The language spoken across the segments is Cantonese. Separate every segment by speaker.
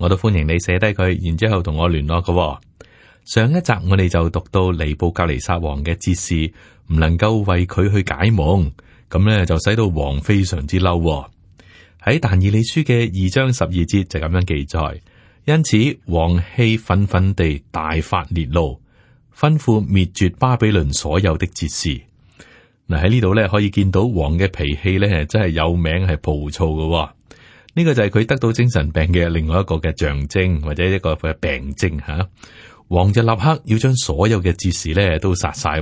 Speaker 1: 我都歡迎你寫低佢，然之後同我聯絡嘅、哦。上一集我哋就讀到尼布格尼撒王嘅哲士，唔能夠為佢去解夢，咁咧就使到王非常之嬲、哦。喺但以理書嘅二章十二節就咁樣記載，因此王氣憤憤地大發烈怒，吩咐滅絕巴比倫所有的哲士。嗱、啊、喺呢度咧可以見到王嘅脾氣咧真係有名係暴躁嘅、哦。呢個就係佢得到精神病嘅另外一個嘅象徵，或者一個佢嘅病徵吓。王就立刻要將所有嘅哲士咧都殺晒。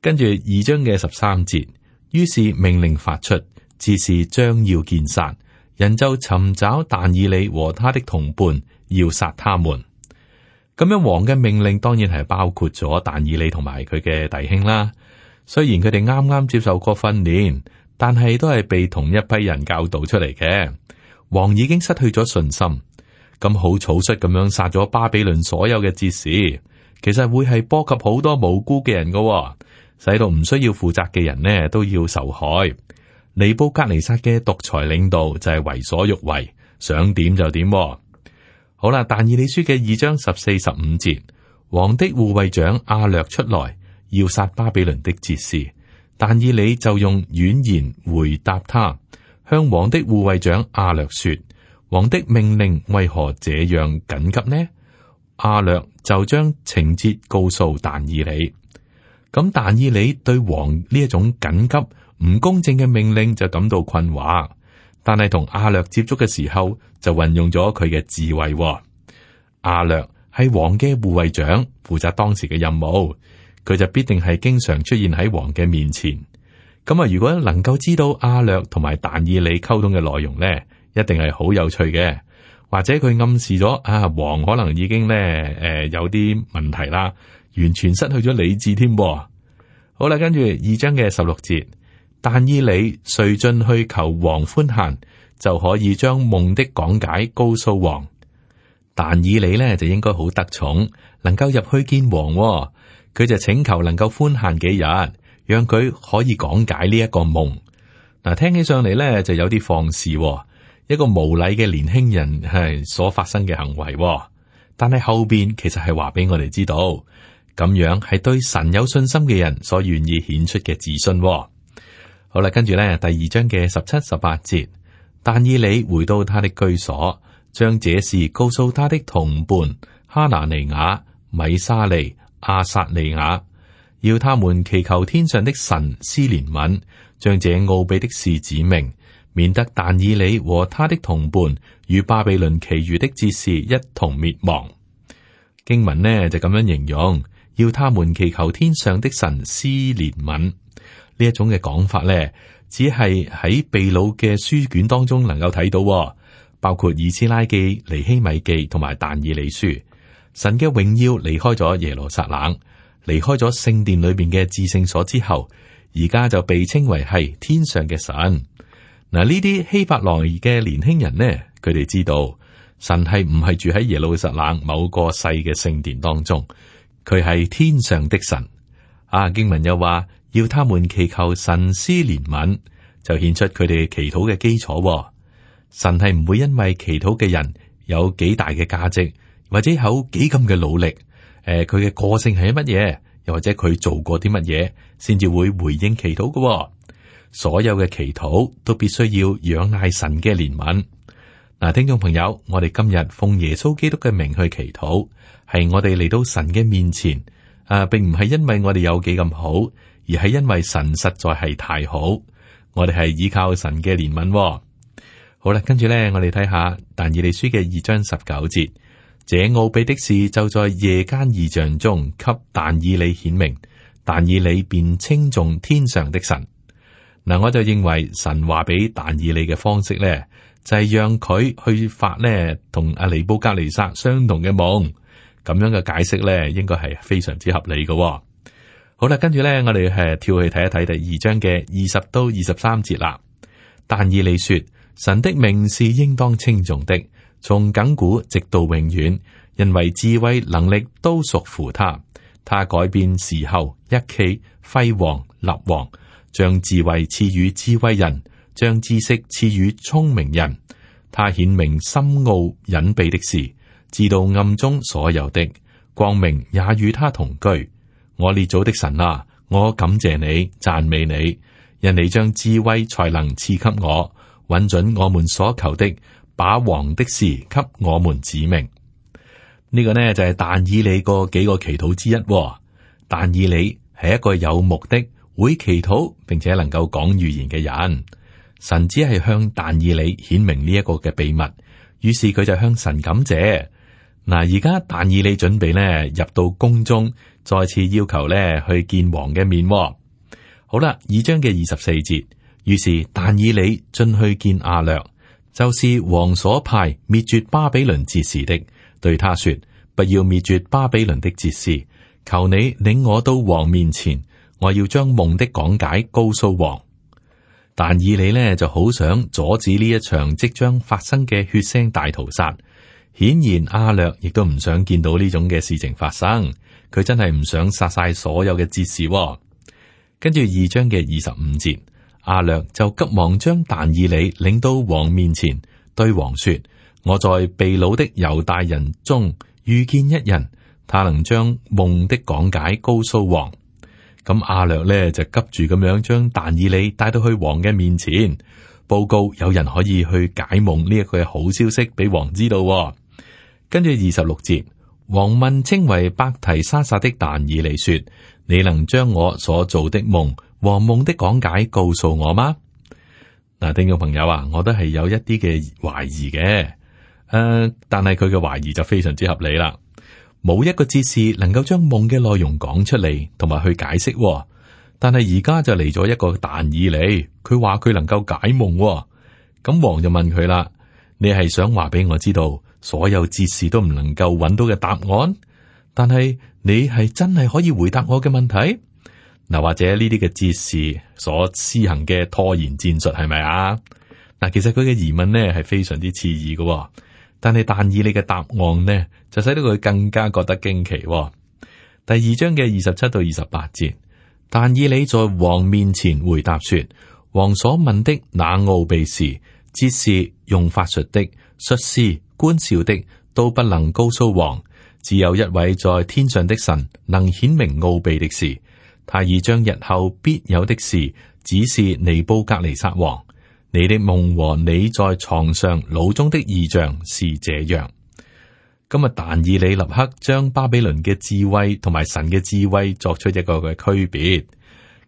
Speaker 1: 跟住二章嘅十三節，於是命令發出，哲士將要見殺。人就尋找但以理和他的同伴，要殺他們。咁樣王嘅命令當然係包括咗但以理同埋佢嘅弟兄啦。雖然佢哋啱啱接受過訓練。但係都係被同一批人教導出嚟嘅，王已經失去咗信心，咁好草率咁樣殺咗巴比倫所有嘅哲士,其實會係波及好多無辜嘅人噶，使到唔需要負責嘅人呢都要受害。尼布甲尼撒嘅獨裁領導就係為所欲為，想點就點。好啦，但以理書嘅二章十四十五節，王的護衛長阿略出來要殺巴比倫的哲士。但以理就用軟言回答他，向王的護衛長阿略說：王的命令為何這樣緊急呢？阿略就將情節告訴但以理。咁但以理對王呢一種緊急唔公正嘅命令就感到困惑，但係同阿略接觸嘅時候就運用咗佢嘅智慧。阿略係王嘅護衛長，負責當時嘅任務。佢就必定係經常出現喺王嘅面前，咁啊如果能夠知道阿略同埋但以理溝通嘅內容呢，一定係好有趣嘅。或者佢暗示咗啊王可能已經呢誒、呃、有啲問題啦，完全失去咗理智添。好啦，跟住二章嘅十六節，但以理遂進去求王寬限，就可以將夢的講解告訴王。但以理呢，就應該好得寵，能夠入去見王，哦。佢就請求能夠寬限幾日，讓佢可以講解呢一個夢。嗱，聽起上嚟呢，就有啲放肆，哦，一個無禮嘅年輕人係所發生嘅行為，哦。但係後邊其實係話俾我哋知道，咁樣係對神有信心嘅人所願意顯出嘅自信，哦。好啦，跟住呢，第二章嘅十七、十八節，但以理回到他的居所，將這事告訴他的同伴哈拿尼雅、米沙利、亞撒利雅，要他們祈求天上的神施憐憫，將這奧秘的事指明，免得但以理和他的同伴與巴比倫其餘的哲士一同滅亡。經文呢就咁樣形容，要他們祈求天上的神施憐憫。呢一種嘅講法呢，只係喺秘魯嘅書卷當中能夠睇到、哦。包括以斯拉記、尼希米記同埋但以理書，神嘅榮耀離開咗耶路撒冷，離開咗聖殿裏邊嘅至聖所之後，而家就被稱為係天上嘅神。嗱，呢啲希伯來嘅年輕人呢，佢哋知道神係唔係住喺耶路撒冷某個世嘅聖殿當中，佢係天上的神。啊，經文又話要他們祈求神施憐憫，就獻出佢哋祈禱嘅基礎、哦。神係唔會因為祈禱嘅人有幾大嘅價值，或者有幾咁嘅努力，誒，佢嘅個性係乜嘢，又或者佢做過啲乜嘢，先至會回應祈禱嘅、哦。所有嘅祈禱都必須要仰賴神嘅憐憫。嗱，聽眾朋友，我哋今日奉耶穌基督嘅名去祈禱，係我哋嚟到神嘅面前啊，並唔係因為我哋有幾咁好，而係因為神實在係太好，我哋係依靠神嘅憐憫、哦。好啦，跟住咧，我哋睇下但以理書嘅二章十九節，這奧秘的事就在夜間異象中給但以理顯明，但以理便稱頌天上的神。嗱，我就認為神話俾但以理嘅方式咧，就係、是、讓佢去發呢同阿尼布甲尼撒相同嘅夢，咁樣嘅解釋咧，應該係非常之合理嘅、哦。好啦，跟住咧，我哋係跳去睇一睇第二章嘅二十到二十三節啦。但以理說。神的名是應當稱頌的，從亙古直到永遠，因為智慧能力都屬乎他。他改變時候，日期，廢王，立王，將智慧賜予智慧人，將知識賜予聰明人。他顯明深奧隱秘的事，知道暗中所有的光明也與他同居。我列祖的神啊，我感謝你，讚美你，因你將智慧才能賜給我。允准我們所求的，把王的事給我們指明。呢、這個呢就係、是、但以理個幾個祈禱之一、哦。但以理係一個有目的、會祈禱並且能夠講預言嘅人。神只係向但以理顯明呢一個嘅秘密。於是佢就向神感謝。嗱，而家但以理準備呢入到宮中，再次要求呢去見王嘅面、哦。好啦，二章嘅二十四節。於是但以理進去見阿略，就是王所派滅絕巴比倫哲士的，對他說：不要滅絕巴比倫的哲士，求你領我到王面前，我要將夢的講解告訴王。但以理呢就好想阻止呢一場即將發生嘅血腥大屠殺。顯然阿略亦都唔想見到呢種嘅事情發生，佢真係唔想殺晒所有嘅哲士哦。跟住二章嘅二十五節。阿略就急忙將但以理領到王面前，對王說：我在被擄的猶大人中遇見一人，他能將夢的講解告訴王。咁阿略呢，就急住咁樣將但以理帶到去王嘅面前，報告有人可以去解夢呢一句好消息俾王知道，哦。跟住二十六節，王問稱為百提沙撒的但以理說：你能將我所做的夢？王夢的講解告訴我嗎？嗱、啊，聽、這、眾、個、朋友啊，我都係有一啲嘅懷疑嘅，誒、呃，但係佢嘅懷疑就非常之合理啦。冇一個哲士能夠將夢嘅內容講出嚟，同埋去解釋、哦。但係而家就嚟咗一個但以理嚟，佢話佢能夠解夢、哦。咁、嗯、王就問佢啦：你係想話俾我知道，所有哲士都唔能夠揾到嘅答案，但係你係真係可以回答我嘅問題？嗱，或者呢啲嘅哲士所施行嘅拖延戰術係咪啊？嗱，其實佢嘅疑問咧係非常之刺耳嘅，但係但以理嘅答案咧，就使得佢更加覺得驚奇。第二章嘅二十七到二十八節，但以理在王面前回答說：王所問的那奧秘事，哲士用法術的術士觀兆的都不能告訴王，只有一位在天上的神能顯明奧秘的事。他已將日後必有的事指示尼布格尼撒王。你的夢和你在床上腦中的異象是這樣。今日但以理立刻將巴比倫嘅智慧同埋神嘅智慧作出一個嘅區別。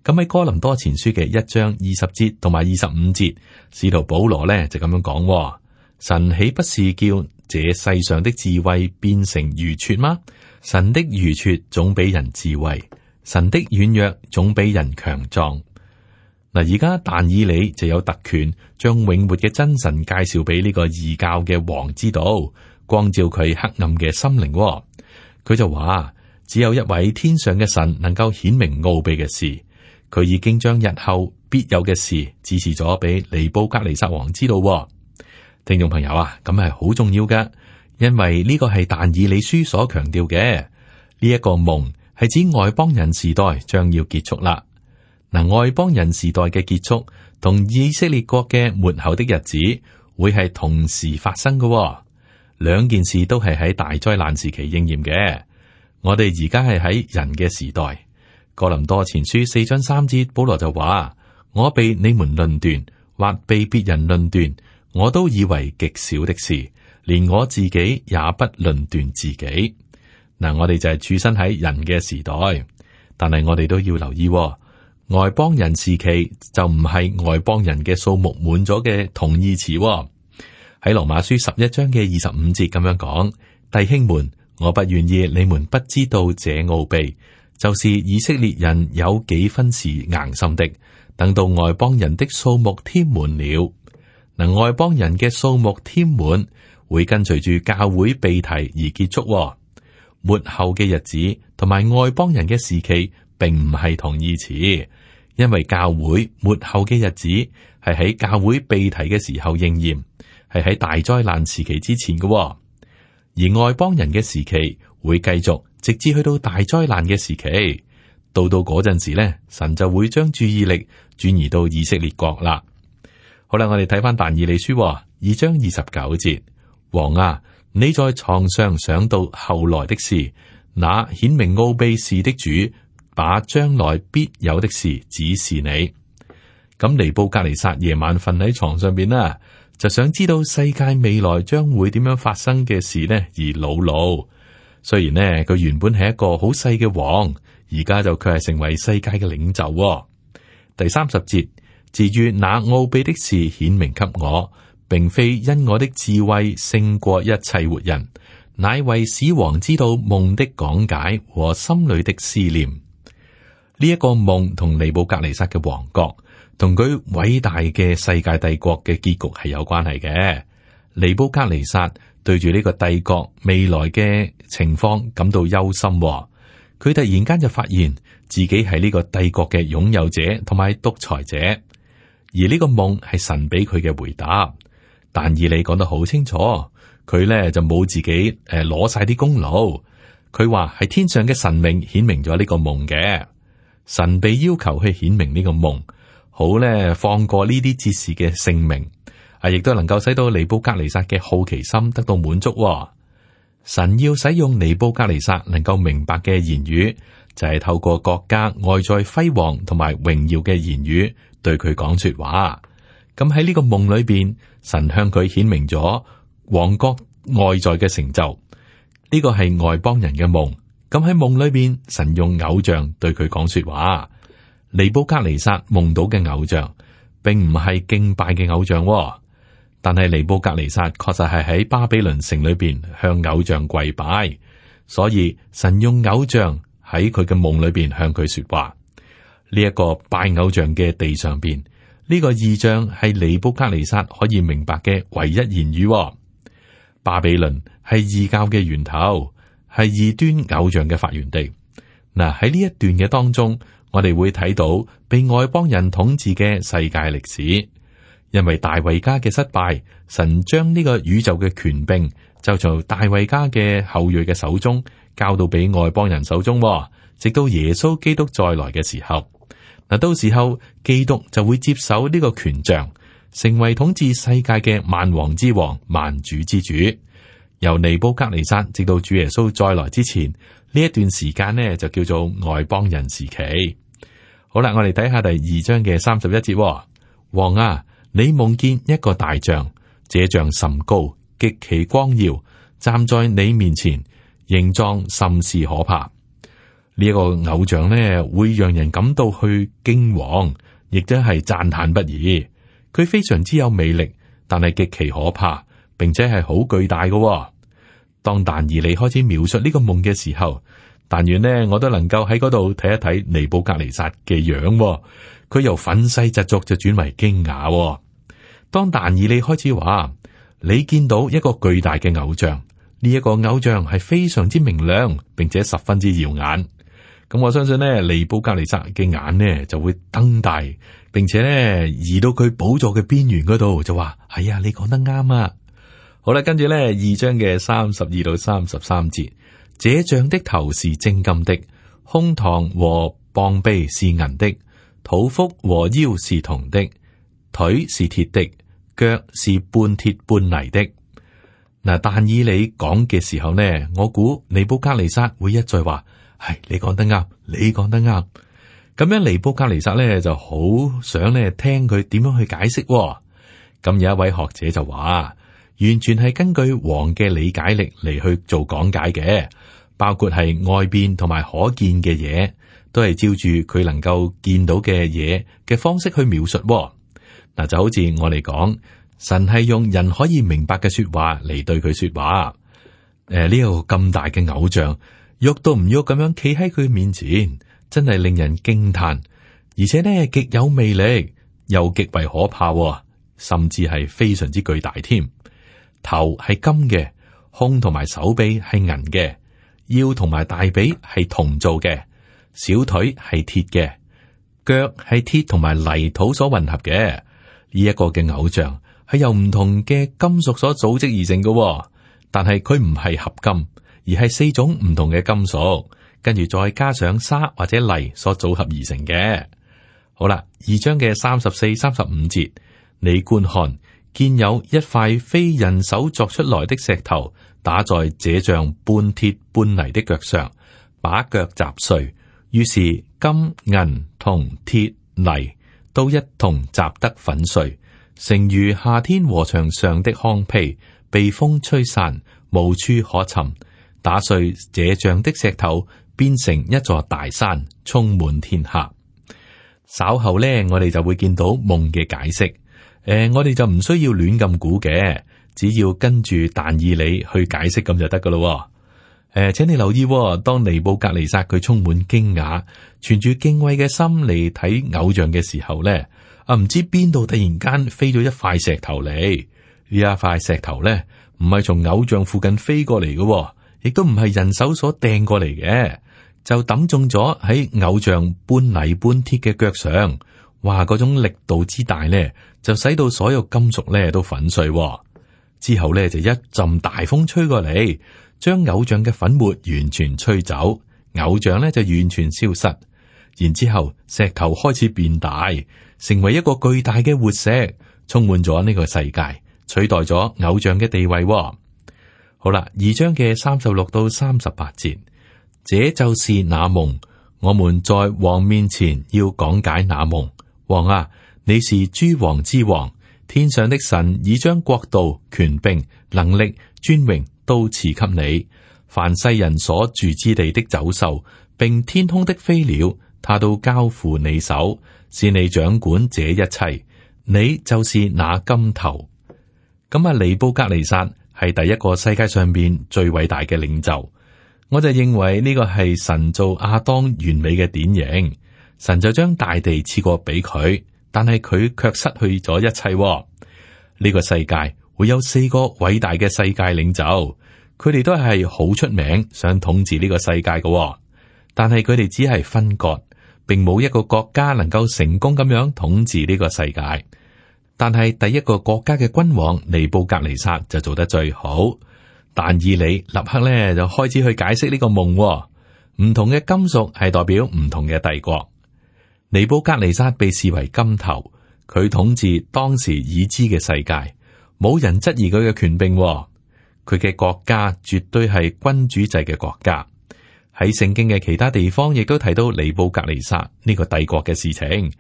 Speaker 1: 咁喺哥林多前書嘅一章二十節同埋二十五節，使徒保羅呢就咁樣講：神豈不是叫這世上的智慧變成愚拙嗎？神的愚拙總比人智慧。神的軟弱總比人強壯。嗱，而家但以理就有特權，將永活嘅真神介紹俾呢個異教嘅王知道，光照佢黑暗嘅心靈、哦。佢就話：，只有一位天上嘅神能夠顯明奧秘嘅事。佢已經將日後必有嘅事指示咗俾尼布格尼撒王知道、哦。聽眾朋友啊，咁係好重要噶，因為呢個係但以理書所強調嘅呢一個夢。係指外邦人時代將要結束啦。嗱，外邦人時代嘅結束同以色列國嘅末後的日子會係同時發生嘅，哦，兩件事都係喺大災難時期應驗嘅。我哋而家係喺人嘅時代，《哥林多前書》四章三節，保羅就話：，我被你們論斷或被別人論斷，我都以為極小的事，連我自己也不論斷自己。嗱，我哋就係處身喺人嘅時代，但係我哋都要留意，外邦人時期就唔係外邦人嘅數目滿咗嘅同義詞喎。喺羅馬書十一章嘅二十五節咁樣講，弟兄們，我不願意你們不知道這奧秘，就是以色列人有幾分是硬心的，等到外邦人的數目添滿了，嗱，外邦人嘅數目添滿會跟隨住教會被提而結束。末後嘅日子同埋外邦人嘅時期並唔係同義詞，因為教會末後嘅日子係喺教會被提嘅時候應驗，係喺大災難時期之前嘅，而外邦人嘅時期會繼續直至去到大災難嘅時期。到到嗰陣時呢，神就會將注意力轉移到以色列國啦。好啦，我哋睇翻《但以理書》二章二十九節，王啊！你在床上想到後來的事，那顯明奧秘事的主，把將來必有的事指示你。咁尼布格尼撒夜晚瞓喺床上邊啦，就想知道世界未來將會點樣發生嘅事呢而老老。雖然呢，佢原本係一個好細嘅王，而家就佢係成為世界嘅領袖哦。第三十節，至於那奧秘的事，顯明給我。並非因我的智慧勝過一切活人，乃為使王知道夢的講解和心裏的思念。呢、這、一個夢同尼布格尼撒嘅王國同佢偉大嘅世界帝國嘅結局係有關係嘅。尼布格尼撒對住呢個帝國未來嘅情況感到憂心，佢突然間就發現自己係呢個帝國嘅擁有者同埋獨裁者，而呢個夢係神俾佢嘅回答。但以理講得好清楚，佢咧就冇自己誒攞晒啲功勞。佢話係天上嘅神明顯明咗呢個夢嘅，神被要求去顯明呢個夢，好咧放過呢啲哲士嘅性命，啊亦都能夠使到尼布甲尼撒嘅好奇心得到滿足、哦。神要使用尼布甲尼撒能夠明白嘅言語，就係、是、透過國家外在輝煌同埋榮耀嘅言語對佢講說話。咁喺呢個夢裏邊，神向佢顯明咗王國外在嘅成就。呢個係外邦人嘅夢。咁喺夢裏邊，神用偶像對佢講說話。尼布格尼撒夢到嘅偶像，並唔係敬拜嘅偶像、哦，但係尼布格尼撒確實係喺巴比倫城裏邊向偶像跪拜。所以神用偶像喺佢嘅夢裏邊向佢說話。呢一個拜偶像嘅地上邊。呢個異象係尼布加尼撒可以明白嘅唯一言語，哦。巴比倫係異教嘅源頭，係異端偶像嘅發源地。嗱，喺呢一段嘅當中，我哋會睇到被外邦人統治嘅世界歷史，因為大衛家嘅失敗，神將呢個宇宙嘅權柄就從大衛家嘅後裔嘅手中交到俾外邦人手中，哦，直到耶穌基督再來嘅時候。嗱，到時候基督就會接手呢個權杖，成為統治世界嘅萬王之王、萬主之主。由尼布甲尼撒直到主耶穌再來之前呢一段時間呢，就叫做外邦人時期。好啦，我哋睇下第二章嘅三十一節、哦。王啊，你夢見一個大像，這像甚高，極其光耀，站在你面前，形狀甚是可怕。呢一個偶像呢，會讓人感到去驚惶，亦都係讚歎不已。佢非常之有魅力，但係極其可怕，並且係好巨大噶、哦。當但以理開始描述呢個夢嘅時候，但願呢，我都能夠喺嗰度睇一睇尼布甲尼撒嘅樣、哦。佢由粉細窒作就轉為驚訝。當但以理開始話，你見到一個巨大嘅偶像，呢、這、一個偶像係非常之明亮，並且十分之耀眼。咁我相信呢，尼布甲尼撒嘅眼呢就會瞪大，並且呢移到佢寶座嘅邊緣嗰度，就話：哎呀，你講得啱啊！好啦，跟住呢二章嘅三十二到三十三節，這像的頭是精金的，胸膛和膀臂是銀的，肚腹和腰是銅的，腿是鐵的，腳是半鐵半泥的。嗱，但以理講嘅時候呢，我估尼布甲尼撒會一再話。係，你講得啱，你講得啱。咁樣尼布甲尼撒咧就好想咧聽佢點樣去解釋，啊。咁有一位學者就話，完全係根據王嘅理解力嚟,去做講解嘅，包括係外邊同埋可見嘅嘢，都係照住佢能夠見到嘅嘢嘅方式去描述，啊。嗱，就好似我哋講神係用人可以明白嘅說話嚟對佢說話。誒、呃，呢個咁大嘅偶像。喐都唔喐咁樣企喺佢面前，真係令人驚嘆，而且呢極有魅力，又極為可怕，甚至係非常之巨大添。頭係金嘅，胸同埋手臂係銀嘅，腰同埋大髀係銅做嘅，小腿係鐵嘅，腳係鐵同埋泥土所混合嘅。呢一個嘅偶像係由唔同嘅金屬所組織而成嘅，但係佢唔係合金，而係四種唔同嘅金屬，跟住再加上沙或者泥所組合而成嘅。好啦，二章嘅三十四、三十五節，你觀看見有一塊非人手作出來的石頭打在這像半鐵半泥的腳上，把腳砸碎，於是金銀銅鐵泥都一同砸得粉碎，成如夏天禾場上的糠皮，被風吹散，無處可尋。打碎這像的石頭，變成一座大山，充滿天下。稍後呢，我哋就會見到夢嘅解釋。誒、呃，我哋就唔需要亂咁估嘅，只要跟住但以理去解釋咁就得噶啦。誒、呃，請你留意，當尼布格尼撒佢充滿驚訝、存住敬畏嘅心嚟睇偶像嘅時候呢，啊，唔知邊度突然間飛咗一塊石頭嚟？呢一塊石頭呢，唔係從偶像附近飛過嚟嘅。亦都唔係人手所掟過嚟嘅，就抌中咗喺偶像半泥半鐵嘅腳上，哇！嗰種力度之大呢，就使到所有金屬呢都粉碎喎。之後呢，就一陣大風吹過嚟，將偶像嘅粉末完全吹走，偶像呢就完全消失。然之後，石頭開始變大，成為一個巨大嘅活石，充滿咗呢個世界，取代咗偶像嘅地位喎。好啦，二章嘅三十六到三十八節，這就是那夢。我們在王面前要講解那夢。王啊，你是諸王之王，天上的神已將國度、權柄、能力、尊榮都賜給你。凡世人所住之地的走獸，並天空的飛鳥，他都交付你手，使你掌管這一切。你就是那金頭。咁啊，尼布甲尼撒。係第一個世界上面最偉大嘅領袖，我就認為呢個係神造亞當完美嘅典型。神就將大地賜過俾佢，但係佢卻失去咗一切、哦。呢、呢個世界會有四個偉大嘅世界領袖，佢哋都係好出名，想統治呢個世界嘅、哦。但係佢哋只係分割，並冇一個國家能夠成功咁樣統治呢個世界。但係第一個國家嘅君王尼布格尼薩就做得最好。但以理立刻咧就開始去解釋呢個夢、哦。唔同嘅金屬係代表唔同嘅帝國。尼布格尼薩被視為金頭，佢統治當時已知嘅世界，冇人質疑佢嘅權柄、哦。佢嘅國家絕對係君主制嘅國家。喺聖經嘅其他地方亦都提到尼布格尼薩呢、這個帝國嘅事情。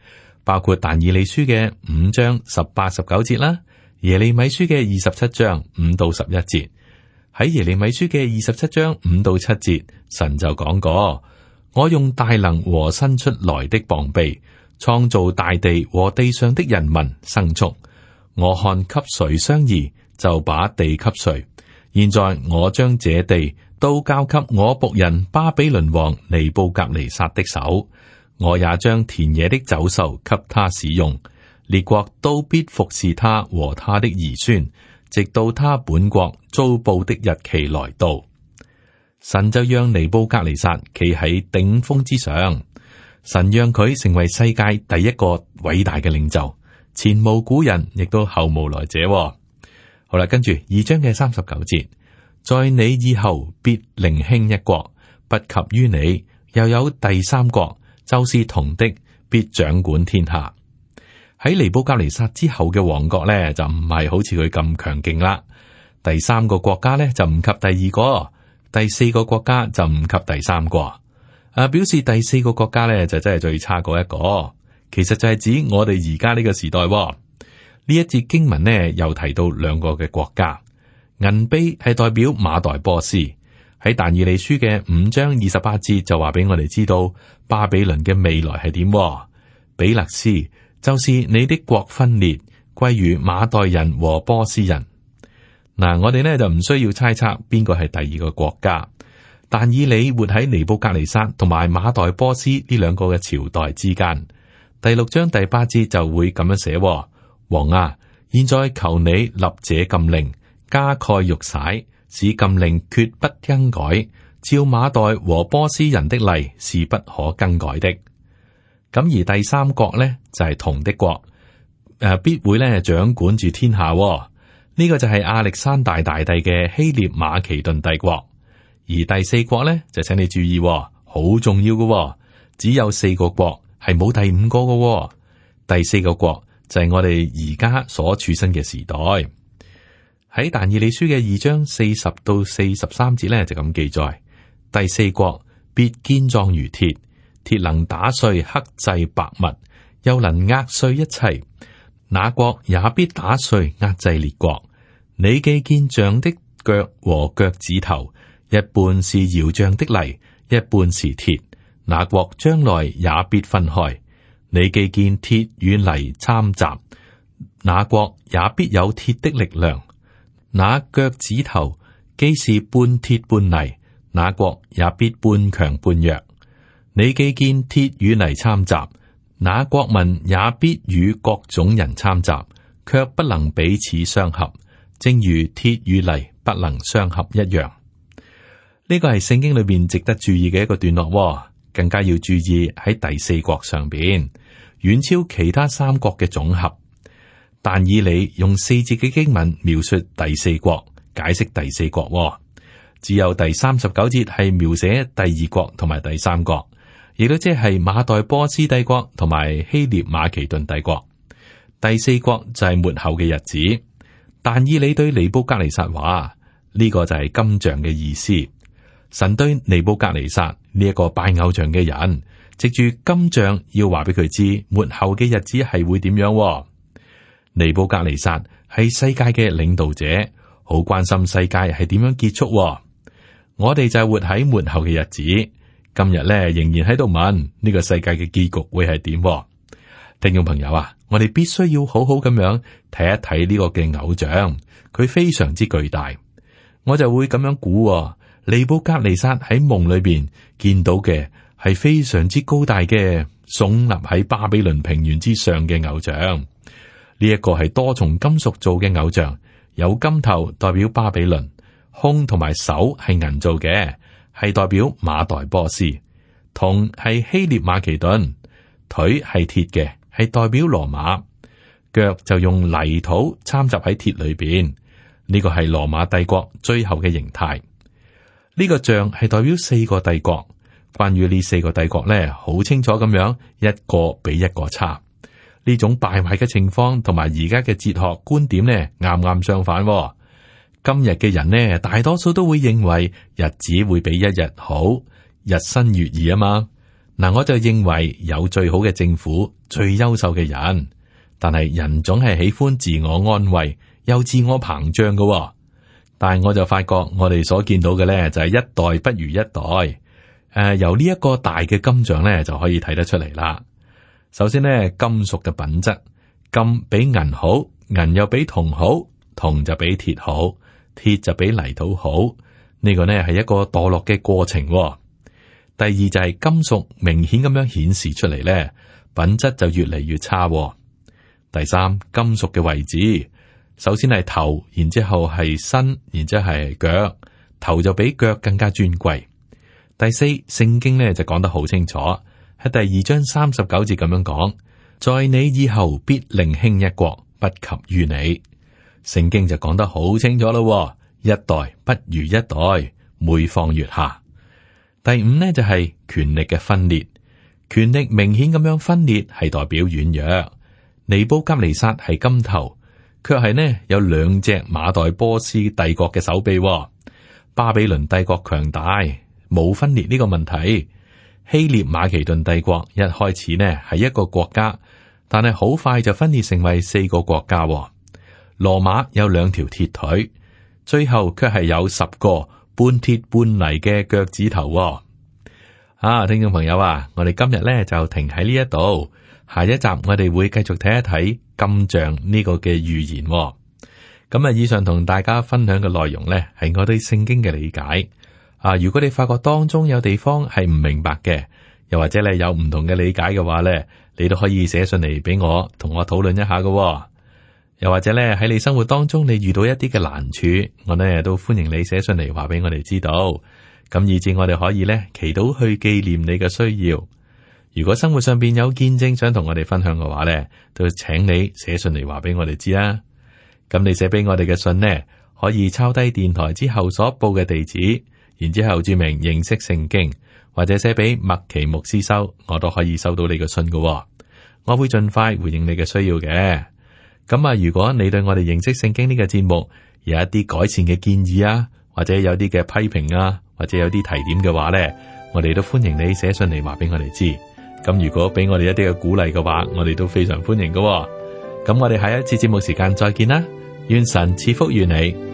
Speaker 1: 包括但以理書嘅五章十八十九節啦，耶利米書嘅二十七章五到十一節，喺耶利米書嘅二十七章五到七節，神就講過：我用大能和伸出來的膀臂，創造大地和地上的人民生畜。我看給誰相宜，就把地給誰。現在我將這地都交給我僕人巴比倫王尼布甲尼撒的手。我也將田野的走獸給他使用，列國都必服侍他和他的兒孫，直到他本國遭報的日期來到。神就讓尼布甲尼撒企喺頂峰之上，神讓佢成為世界第一個偉大嘅領袖，前無古人，亦都後無來者。好啦，跟住二章嘅三十九節，在你以後必另興一國，不及於你，又有第三國。就是銅的，必掌管天下。喺尼布甲尼撒之後嘅王國咧，就唔係好似佢咁強勁啦。第三個國家咧就唔及第二個，第四個國家就唔及第三個。啊，表示第四個國家咧就真係最差嗰一個。其實就係指我哋而家呢個時代，哦。呢一節經文咧又提到兩個嘅國家，銀碑係代表馬代波斯。喺但以理書嘅五章二十八節就話俾我哋知道巴比倫嘅未來係點。比勒斯就是你的國分裂歸於馬代人和波斯人。嗱、啊，我哋呢就唔需要猜測邊個係第二個國家。但以理活喺尼布甲尼撒同埋馬代波斯呢兩個嘅朝代之間。第六章第八節就會咁樣寫：王啊，現在求你立這禁令，加蓋玉璽。此禁令絕不更改，照馬代和波斯人的例是不可更改的。咁而第三國呢，就係、是、銅的國，誒、呃、必會咧掌管住天下、哦。呢、這個就係亞歷山大大帝嘅希臘馬其頓帝國。而第四國呢，就請你注意、哦，好重要嘅、哦，只有四個國係冇第五個嘅、哦。第四個國就係我哋而家所處身嘅時代。喺《但以理書》嘅二章四十到四十三節呢，就咁記載：第四國必堅壯如鐵，鐵能打碎克制百物，又能壓碎一切。那國也必打碎壓制列國。你既見象的腳和腳趾頭，一半是窯匠的泥，一半是鐵，那國將來也必分開。你既見鐵與泥攙雜，那國也必有鐵的力量。那腳趾頭既是半鐵半泥，那國也必半強半弱。你既見鐵與泥摻雜，那國民也必與各種人摻雜，卻不能彼此相合，正如鐵與泥不能相合一樣。呢個係聖經裏面值得注意嘅一個段落喎，更加要注意喺第四國上邊，遠超其他三國嘅總合。但以理用四節嘅經文描述第四國，解釋第四國、哦，只有第三十九節係描寫第二國同埋第三國，亦都即係馬代波斯帝國同埋希臘馬其頓帝國。第四國就係末後嘅日子。但以理對尼布甲尼撒話呢個就係金像嘅意思。神對尼布甲尼撒呢一個拜偶像嘅人，藉住金像要話俾佢知末後嘅日子係會點樣、哦。尼布格尼薩係世界嘅領導者，好關心世界係點樣結束喎。我哋就係活喺末後嘅日子，今日咧仍然喺度問呢個世界嘅結局會係點喎。聽眾朋友啊，我哋必須要好好咁樣睇一睇呢個嘅偶像，佢非常之巨大。我就會咁樣估喎，尼布格尼薩喺夢裏邊見到嘅係非常之高大嘅，聳立喺巴比倫平原之上嘅偶像。呢一個係多重金屬做嘅偶像，有金頭代表巴比倫，胸同埋手係銀做嘅，係代表馬代波斯，銅係希臘馬其頓，腿係鐵嘅，係代表羅馬，腳就用泥土摻雜喺鐵裏邊。呢個係羅馬帝國最後嘅形態。呢個像係代表四個帝國。關於呢四個帝國咧，好清楚咁樣，一個比一個差。呢種敗壞嘅情況，同埋而家嘅哲學觀點呢，啱啱相反，哦。今日嘅人呢，大多數都會認為日子會比一日好，日新月異啊嘛。嗱，我就認為有最好嘅政府，最優秀嘅人，但係人總係喜歡自我安慰，又自我膨脹嘅，哦。但係我就發覺，我哋所見到嘅呢，就係、是、一代不如一代。誒、呃，由呢一個大嘅金像呢，就可以睇得出嚟啦。首先呢，金屬嘅品質，金比銀好，銀又比銅好，銅就比鐵好，鐵就比泥土好。呢個呢係一個墮落嘅過程。第二就係、是、金屬明顯咁樣顯示出嚟呢，品質就越嚟越差。第三，金屬嘅位置，首先係頭，然之後係身，然之後係腳，頭就比腳更加尊貴。第四，聖經呢就講得好清楚。喺第二章三十九節咁樣講，在你以後必另興一國，不及於你。聖經就講得好清楚啦，一代不如一代，每況愈下。第五呢就係權力嘅分裂，權力明顯咁樣分裂係代表軟弱。尼布甲尼撒係金頭，卻係呢有兩隻馬代波斯帝國嘅手臂。巴比倫帝國強大，冇分裂呢個問題。希臘馬其頓帝國一開始呢係一個國家，但係好快就分裂成為四個國家。羅馬有兩條鐵腿，最後卻係有十個半鐵半泥嘅腳趾頭。啊，聽眾朋友啊，我哋今日咧就停喺呢一度，下一集我哋會繼續睇一睇金像呢個嘅預言。咁啊，以上同大家分享嘅內容呢，係我對聖經嘅理解。啊！如果你發覺當中有地方係唔明白嘅，又或者你有唔同嘅理解嘅話呢，你都可以寫信嚟俾我，同我討論一下嘅哦。又或者呢，喺你生活當中你遇到一啲嘅難處，我呢都歡迎你寫信嚟話俾我哋知道。咁以至我哋可以呢，祈禱去紀念你嘅需要。如果生活上邊有見證想同我哋分享嘅話呢，都請你寫信嚟話俾我哋知啦。咁你寫俾我哋嘅信呢，可以抄低電台之後所報嘅地址。然之後注明認識聖經或者寫俾麥奇牧師收，我都可以收到你個信噶，我會盡快回應你嘅需要嘅。咁啊，如果你對我哋認識聖經呢個節目有一啲改善嘅建議啊，或者有啲嘅批評啊，或者有啲提點嘅話咧，我哋都歡迎你寫信嚟話俾我哋知。咁如果俾我哋一啲嘅鼓勵嘅話，我哋都非常歡迎噶。咁我哋下一次節目時間再見啦，願神賜福於你。